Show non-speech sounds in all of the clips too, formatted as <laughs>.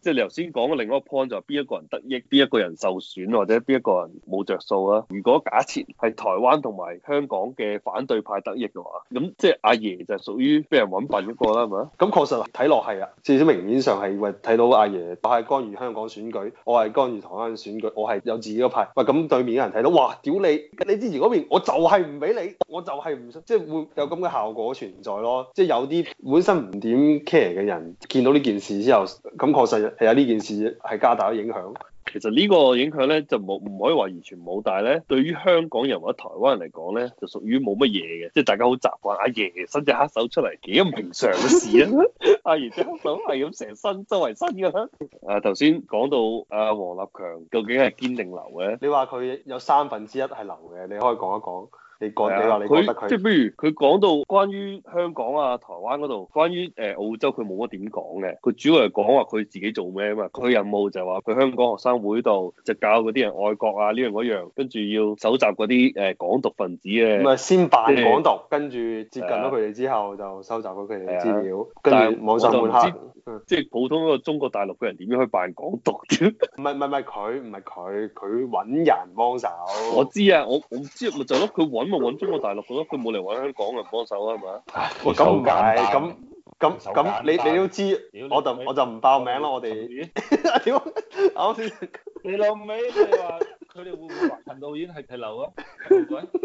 即係你頭先講嘅另一個 point 就係邊一個人得益，邊一個人受損，或者邊一個人冇着數啊？如果假設係台灣同埋香港嘅反對派得益嘅話，咁即係阿爺就係屬於俾人揾笨嗰個啦，係咪？咁確實睇落係啊，至少明面上係喂，睇到阿爺，我係干預香港選舉，我係干預台灣選舉，我係有自己嘅派。喂，咁對面嘅人睇到，哇！屌你，你之前嗰邊，我就係唔俾你，我就係唔即係會有咁嘅效果存在咯。即係有啲本身唔點 care 嘅人，見到呢件事之後，咁確實。係啊！呢件事係加大咗影響。其實呢個影響咧，就冇唔可以話完全冇，但係咧，對於香港人或者台灣人嚟講咧，就屬於冇乜嘢嘅，即係大家好習慣。阿、啊、爺伸隻黑手出嚟，幾咁平常嘅事啊！阿爺隻黑手係咁成身周圍伸噶啦。啊！頭先講到阿、啊、王立強究竟係堅定流嘅？你話佢有三分之一係流嘅，你可以講一講。你講，啊、你話你佢即係不如佢講到關於香港啊、台灣嗰度，關於誒、呃、澳洲佢冇乜點講嘅，佢主要係講話佢自己做咩啊嘛。佢任務就係話佢香港學生會度就搞嗰啲人愛國啊呢樣嗰樣，跟住要搜集嗰啲誒港獨分子啊。唔係先辦港獨，跟住、啊、接近咗佢哋之後就收集咗佢哋資料。跟住、啊、網上唔知即係、嗯、普通一個中國大陸嘅人點樣去辦港獨。唔係唔係唔係，佢唔係佢，佢揾人幫手。 <laughs> 我知啊，我我唔知，咪就係、是、咯，佢揾。 <laughs> 咁啊揾中國大陸咁，佢冇嚟揾香港嘅幫手啊，係咪啊？咁唔咁咁咁你你都知，我就我就唔爆名啦，我哋。屌，啱先你老味，你話佢哋會唔會話陳導演係提流啊？唔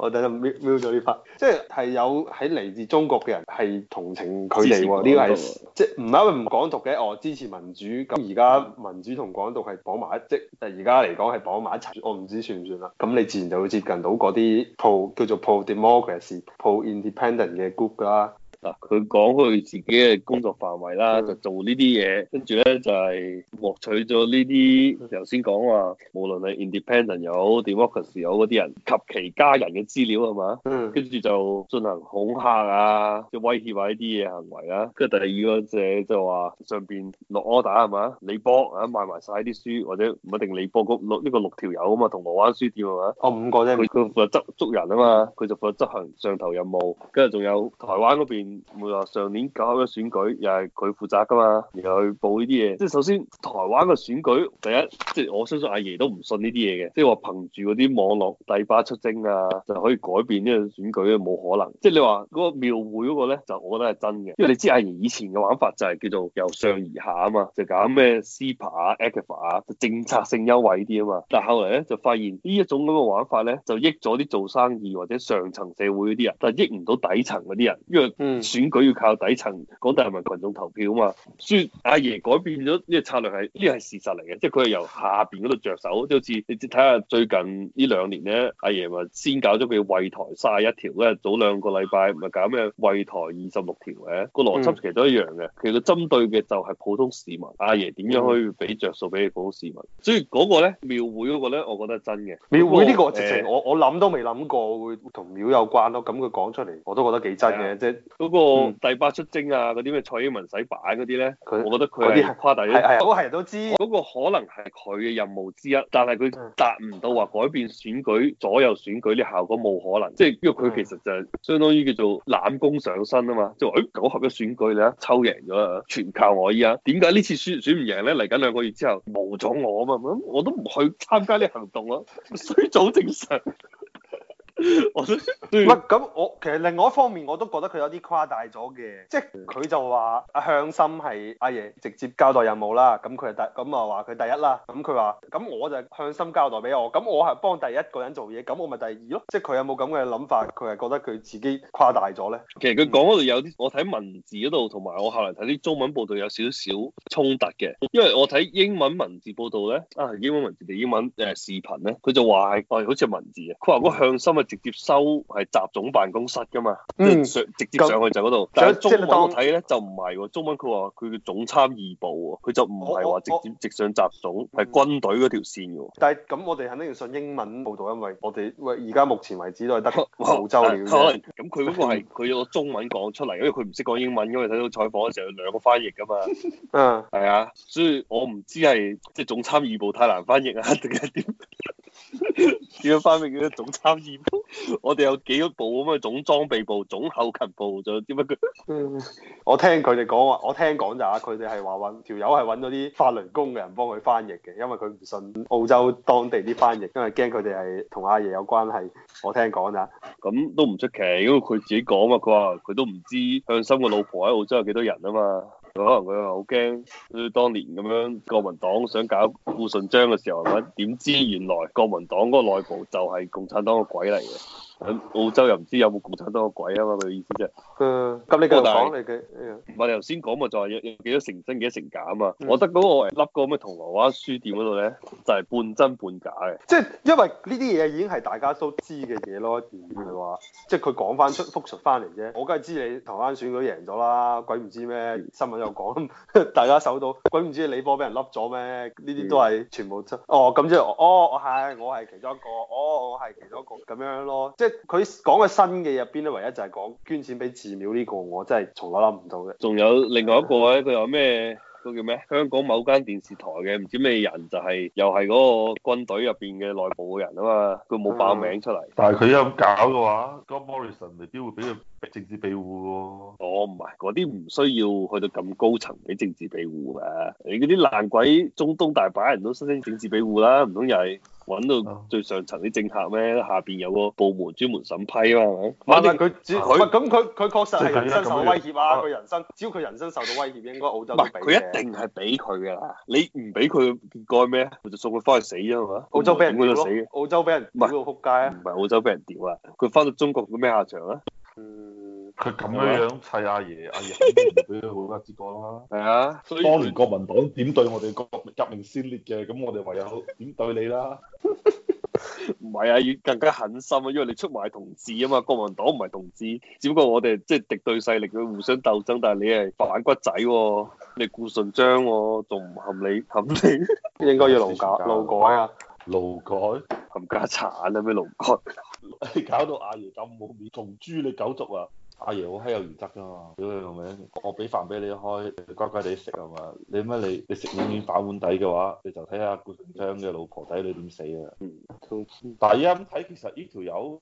我等陣瞄瞄咗呢 part，即係係有喺嚟自中國嘅人係同情佢哋喎，呢個係即係唔係因為唔港獨嘅，我支持民主。咁而家民主同港獨係綁埋一隻，但而家嚟講係綁埋一齊，我唔知算唔算啦。咁你自然就會接近到嗰啲 pro 叫做 pro-democracy、pro-independent 嘅 group 噶啦。嗱，佢講佢自己嘅工作範圍啦，就做呢啲嘢，跟住咧就係、是、獲取咗呢啲，頭先講話無論你 Independent 有 Democracy 又好嗰啲人及其家人嘅資料係嘛，跟住就進行恐嚇啊，即係威脅啊呢啲嘢行為啊。跟住第二個就係話上邊落 order 係嘛，李波啊買埋晒啲書，或者唔一定李波六呢個六條友啊嘛，銅鑼灣書店係嘛？哦，五個啫。佢佢負責執捉人啊嘛，佢就負責執行上頭任務，跟住仲有台灣嗰邊。唔會話上年搞咗個選舉又係佢負責噶嘛，然後去報呢啲嘢。即係首先台灣嘅選舉第一，即係我相信阿爺都唔信呢啲嘢嘅。即係話憑住嗰啲網絡帝吧出征啊，就可以改變呢個選舉咧，冇可能。即係你話嗰、那個廟會嗰個咧，就我覺得係真嘅，因為你知阿爺以前嘅玩法就係、是、叫做由上而下啊嘛，就搞咩 CEPA、啊、ECFA、啊、就政策性優惠呢啲啊嘛。但係後嚟咧就發現呢一種咁嘅玩法咧，就益咗啲做生意或者上層社會嗰啲人，但係益唔到底層嗰啲人，因為嗯。選舉要靠底層廣大人民群眾投票啊嘛，所以阿爺改變咗呢個策略係呢個係事實嚟嘅，即係佢係由下邊嗰度着手，即好似你睇下最近呢兩年咧，阿爺咪先搞咗佢衞台卅一條，跟住早兩個禮拜唔係搞咩衞台二十六條嘅，個邏輯其實都一樣嘅，嗯、其實佢針對嘅就係普通市民，阿爺點樣可以俾着數俾普通市民，所以嗰個咧廟會嗰個咧，我覺得係真嘅。廟會呢個直情過、呃、我我諗都未諗過會同廟有關咯，咁佢講出嚟我都覺得幾真嘅，即係都。嗰個、嗯、第八出征啊，嗰啲咩蔡英文洗版嗰啲咧，他我覺得佢有啲誇大。係係，都係都知。嗰個可能係佢嘅任務之一，但係佢達唔到話改變選舉左右選舉啲效果冇可能，即、就、係、是、因為佢其實就係相當於叫做攬功上身啊嘛，即係九合一嘅選舉你啊抽贏咗啊，全靠我依家。點解呢次選選唔贏咧？嚟緊兩個月之後冇咗我啊嘛，咁我都唔去參加呢行動咯，衰早正常。 <laughs> 我唔咪咁，我其實另外一方面我都覺得佢有啲誇大咗嘅，即係佢就話阿向心係阿爺直接交代任務啦，咁佢係第咁啊話佢第一啦，咁佢話咁我就向心交代俾我，咁我係幫第一個人做嘢，咁我咪第二咯。即係佢有冇咁嘅諗法？佢係覺得佢自己誇大咗咧？其實佢講嗰度有啲，我睇文字嗰度同埋我後嚟睇啲中文報道有少少衝突嘅，因為我睇英文文字報道咧，啊英文文字英文誒、呃、視頻咧，佢就話係，係、啊、好似係文字啊，佢話嗰個向心啊。直接收係集總辦公室噶嘛，上、嗯、直接上去就嗰度。嗯、但係中文我睇咧就唔係喎，中文佢話佢叫總參二部喎，佢就唔係話直接、哦、直接上集總，係、嗯、軍隊嗰條線喎。但係咁我哋肯定要上英文報道，因為我哋喂而家目前為止都係得澳洲，可能咁佢嗰個係佢用中文講出嚟，因為佢唔識講英文，因為睇到採訪嗰時候有兩個翻譯噶嘛。嗯，係啊，所以我唔知係即係總參二部太難翻譯啊，定係點？點樣 <laughs> 翻譯嘅總參頁？ <laughs> 我哋有幾多部啊？咩總裝備部、總後勤部仲有啲乜嘅？嗯，我聽佢哋講話，我聽講就啊，佢哋係話揾條友係揾咗啲法輪功嘅人幫佢翻譯嘅，因為佢唔信澳洲當地啲翻譯，因為驚佢哋係同阿爺有關係。我聽講就咁都唔出奇，因為佢自己講啊，佢話佢都唔知向心個老婆喺澳洲有幾多人啊嘛。佢可能佢話好驚，佢當年咁樣，國民黨想搞顧順章嘅時候，係咪點知原來國民黨個內部就係共產黨嘅鬼嚟嘅。澳洲又唔知有冇共產黨個鬼啊，no，啊說說嘛？佢意思即係，咁你繼續講你嘅，唔係頭先講咪就係有有幾多成真幾多成假啊嘛？我得嗰個笠嗰個咩銅鑼灣書店嗰度咧，就係半真半假嘅。即係因為呢啲嘢已經係大家都知嘅嘢咯，而唔係話即係佢講翻出復述翻嚟啫。我梗係知你台灣選舉贏咗啦，鬼唔知咩新聞又講，大家搜到鬼唔知李波俾人笠咗咩？呢啲、mm. 都係全部哦，咁即係哦，哈哈我係我係其中一個，哦，我係其中一個咁樣咯，即係。佢講嘅新嘅入邊咧，唯一就係講捐錢俾寺廟呢個，我真係從來諗唔到嘅。仲有另外一個咧，佢有咩？佢叫咩？香港某間電視台嘅唔知咩人、就係，就係又係嗰個軍隊入邊嘅內部嘅人啊嘛，佢冇爆名出嚟、嗯。但係佢有咁搞嘅話，嗰 <laughs> Morrison 未必會俾佢政治庇護喎？哦，唔係，嗰啲唔需要去到咁高層俾政治庇護嘅。你嗰啲爛鬼中東大把人都申請政治庇護啦，唔通又係？揾到最上層啲政客咩？下邊有個部門專門審批啊嘛，係咪反正？唔係佢，唔係咁佢佢確實係人身受到威脅啊！佢、啊、人身只要佢人身受到威脅，應該澳洲唔係佢一定係俾佢嘅。你唔俾佢，結果咩？佢就送佢翻去死啫嘛！澳洲俾人，死澳洲俾人，澳洲俾人屌佢仆街啊！唔係澳洲俾人屌啊！佢翻到中國會咩下場啊？嗯佢咁樣樣，砌阿爺， <laughs> 阿爺肯定唔俾佢好佳結果啦。係啊，啊當年國民黨點對我哋嘅革命先烈嘅，咁我哋唯有點對你啦？唔係 <laughs> 啊，要更加狠心啊，因為你出賣同志啊嘛。國民黨唔係同志，只不過我哋即係敵對勢力，互相鬥爭。但係你係反骨仔、啊，你顧順章仲唔含你？含你應該要勞改，勞改，勞改啊！勞改冚家鏟啊？咩勞改？ <laughs> <laughs> 搞到阿爺咁冇面，同誅你九族啊！阿爺好閪有原則噶嘛，屌你老味，我俾飯俾你開，你乖乖哋食係嘛？你乜你你食碗面反碗底嘅話，你就睇下顧順章嘅老婆仔，你點死啊！嗯，但係依家咁睇，其實呢條友。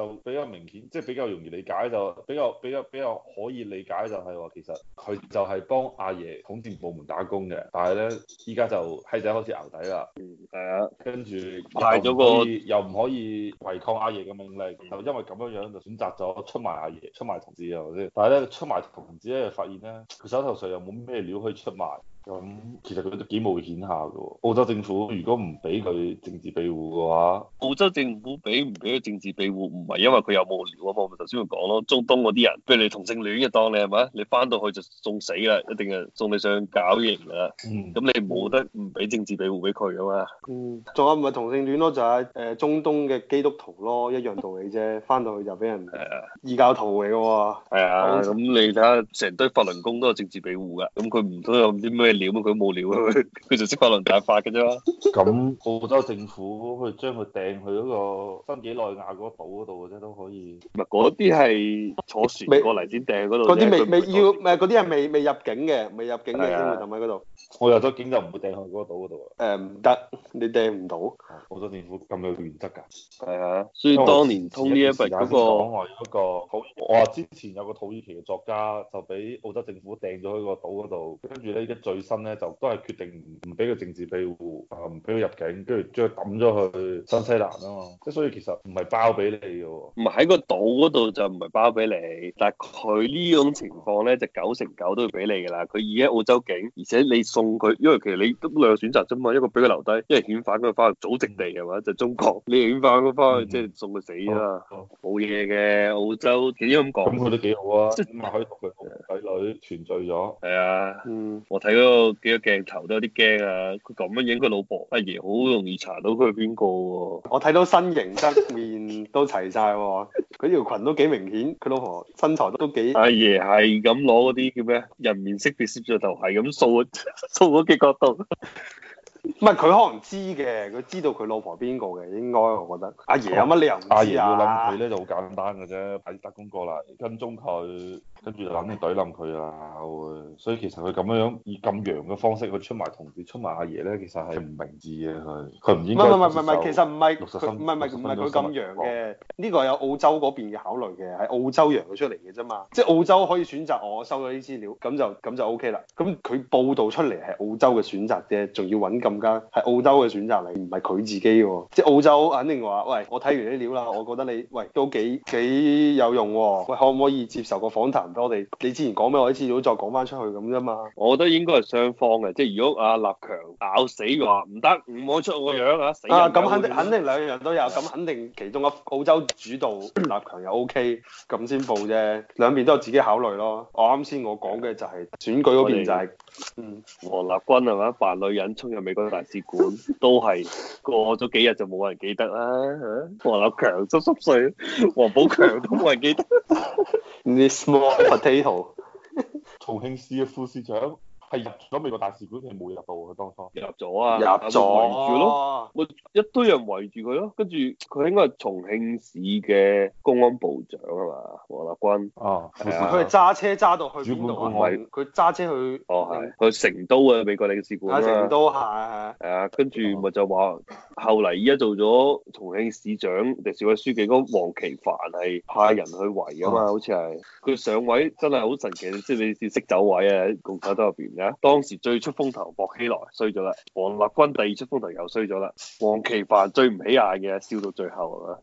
就比較明顯，即、就、係、是、比較容易理解，就比較比較比較可以理解、就是，就係話其實佢就係幫阿爺統戰部門打工嘅，但係咧依家就閪仔開始淆底啦，係啊、嗯，嗯、跟住賣咗個又唔可，可以違抗阿爺嘅命令，就因為咁樣樣就選擇咗出賣阿爺，出賣同志啊或者，但係咧出賣同志咧，發現咧佢手頭上又冇咩料可以出賣。咁、嗯、其實佢都幾冒險下嘅喎，澳洲政府如果唔俾佢政治庇護嘅話，澳洲政府俾唔俾佢政治庇護唔係因為佢有無聊啊嘛，我咪頭先咪講咯，中東嗰啲人，譬如你同性戀嘅當你係咪你翻到去就送死啦，一定係送你上絞刑啦，咁、嗯、你冇得唔俾政治庇護俾佢啊嘛，嗯，仲有唔係同性戀咯，就係、是、誒中東嘅基督徒咯，一樣道理啫，翻到去就俾人係啊異教徒嚟嘅喎，係啊，咁你睇下成堆法輪功都有政治庇護嘅，咁佢唔都有啲咩？料啊！佢好無聊啊！佢就識法輪大法嘅啫。咁澳洲政府去將佢掟去嗰個新幾內亞嗰個島嗰度嘅啫，都可以。唔係嗰啲係坐船過嚟先掟嗰度。嗰啲未未要誒，嗰啲係未未入境嘅，未入境嘅先會掟喺嗰度。我入咗境就唔會掟去嗰個島嗰度。誒唔得，你掟唔到。澳洲政府咁有原則㗎。係啊。所以當年通呢一筆嗰個，我話之前有個土耳其嘅作家就俾澳洲政府掟咗去個島嗰度，跟住咧啲罪。 <music> 身咧就都係決定唔唔俾佢政治庇護啊，唔俾佢入境，跟住將佢抌咗去新西蘭啊嘛，即所以其實唔係包俾你嘅，唔係喺個島嗰度就唔係包俾你，但係佢呢種情況咧就九成九都要俾你噶啦。佢而家澳洲境，而且你送佢，因為其實你都兩個選擇啫嘛，一個俾佢留低，因為遣返佢翻去祖籍地嘅話、嗯，就係、中國，你遣返佢翻去即係、嗯、送佢死啦，冇嘢嘅澳洲點解咁講？佢都幾好啊，咁啊可以同佢仔女團聚咗。係啊，嗯。我睇嗰個幾個鏡頭都有啲驚啊！佢咁樣影佢老婆，阿爺好容易查到佢係邊個？我睇到身形、側 <laughs> 面都齊晒、啊，佢條裙都幾明顯，佢老婆身材都幾。阿爺係咁攞嗰啲叫咩？人面識別攝像頭係咁掃，掃到幾角度。 <laughs> 唔係佢可能知嘅，佢知道佢老婆邊個嘅，應該我覺得。阿爺，爺有乜理由知，啊？唔阿、啊、爺要諗佢咧就好簡單嘅啫，派啲特工過嚟跟蹤佢，跟住就諗住懟冧佢啦。所以其實佢咁樣以咁揚嘅方式去出埋同事出埋阿、啊、爺咧，其實係唔明智嘅。佢佢唔應該唔唔唔唔唔，其實唔係佢唔係唔係佢咁揚嘅，呢個有澳洲嗰邊嘅考慮嘅，喺澳洲揚佢出嚟嘅啫嘛。即係澳洲可以選擇我，我收咗啲資料，咁就咁就，就 OK 啦。咁佢報道出嚟係澳洲嘅選擇啫，仲要揾咁。咁梗係澳洲嘅選擇嚟，唔係佢自己喎。即係澳洲肯定話：喂，我睇完啲料啦，我覺得你喂都幾幾有用喎、哦。喂，可唔可以接受個訪談多你？多啲你之前講咩，我一次都再講翻出去咁啫嘛。我覺得應該係雙方嘅，即係如果阿立強咬死話唔得，唔好出我樣啊死！啊，咁肯定肯定兩樣都有，咁的肯定其中一澳洲主導，立強又 O K，咁先報啫。兩邊都有自己考慮咯。我啱先我講嘅就係、是、選舉嗰邊就係、是，嗯，王立軍係咪？扮女人衝入美國。 <laughs> <laughs> 大使館都係過咗幾日就冇人記得啦、啊。吓，王立強濕濕碎，王寶強都冇人記得。t <laughs> i s small potato，重慶市嘅副市長。係入咗美國大使館定係冇入到？佢當初入咗啊，入咗，圍住咯，咪一堆人圍住佢咯。跟住佢應該係重慶市嘅公安部長啊嘛，王立軍。哦，佢係揸車揸到去邊度啊？佢揸車去哦係去成都啊，美國領事館喺成都係。係啊，跟住咪就話後嚟而家做咗重慶市長定市委書記嗰個黃奇帆係派人去圍啊嘛，好似係，佢上位真係好神奇，即係你知？識走位啊，共產黨入邊。當時最出風頭，薄熙來衰咗啦。王立軍第二出風頭又衰咗啦。黃奇帆最唔起眼嘅，笑到最後啊！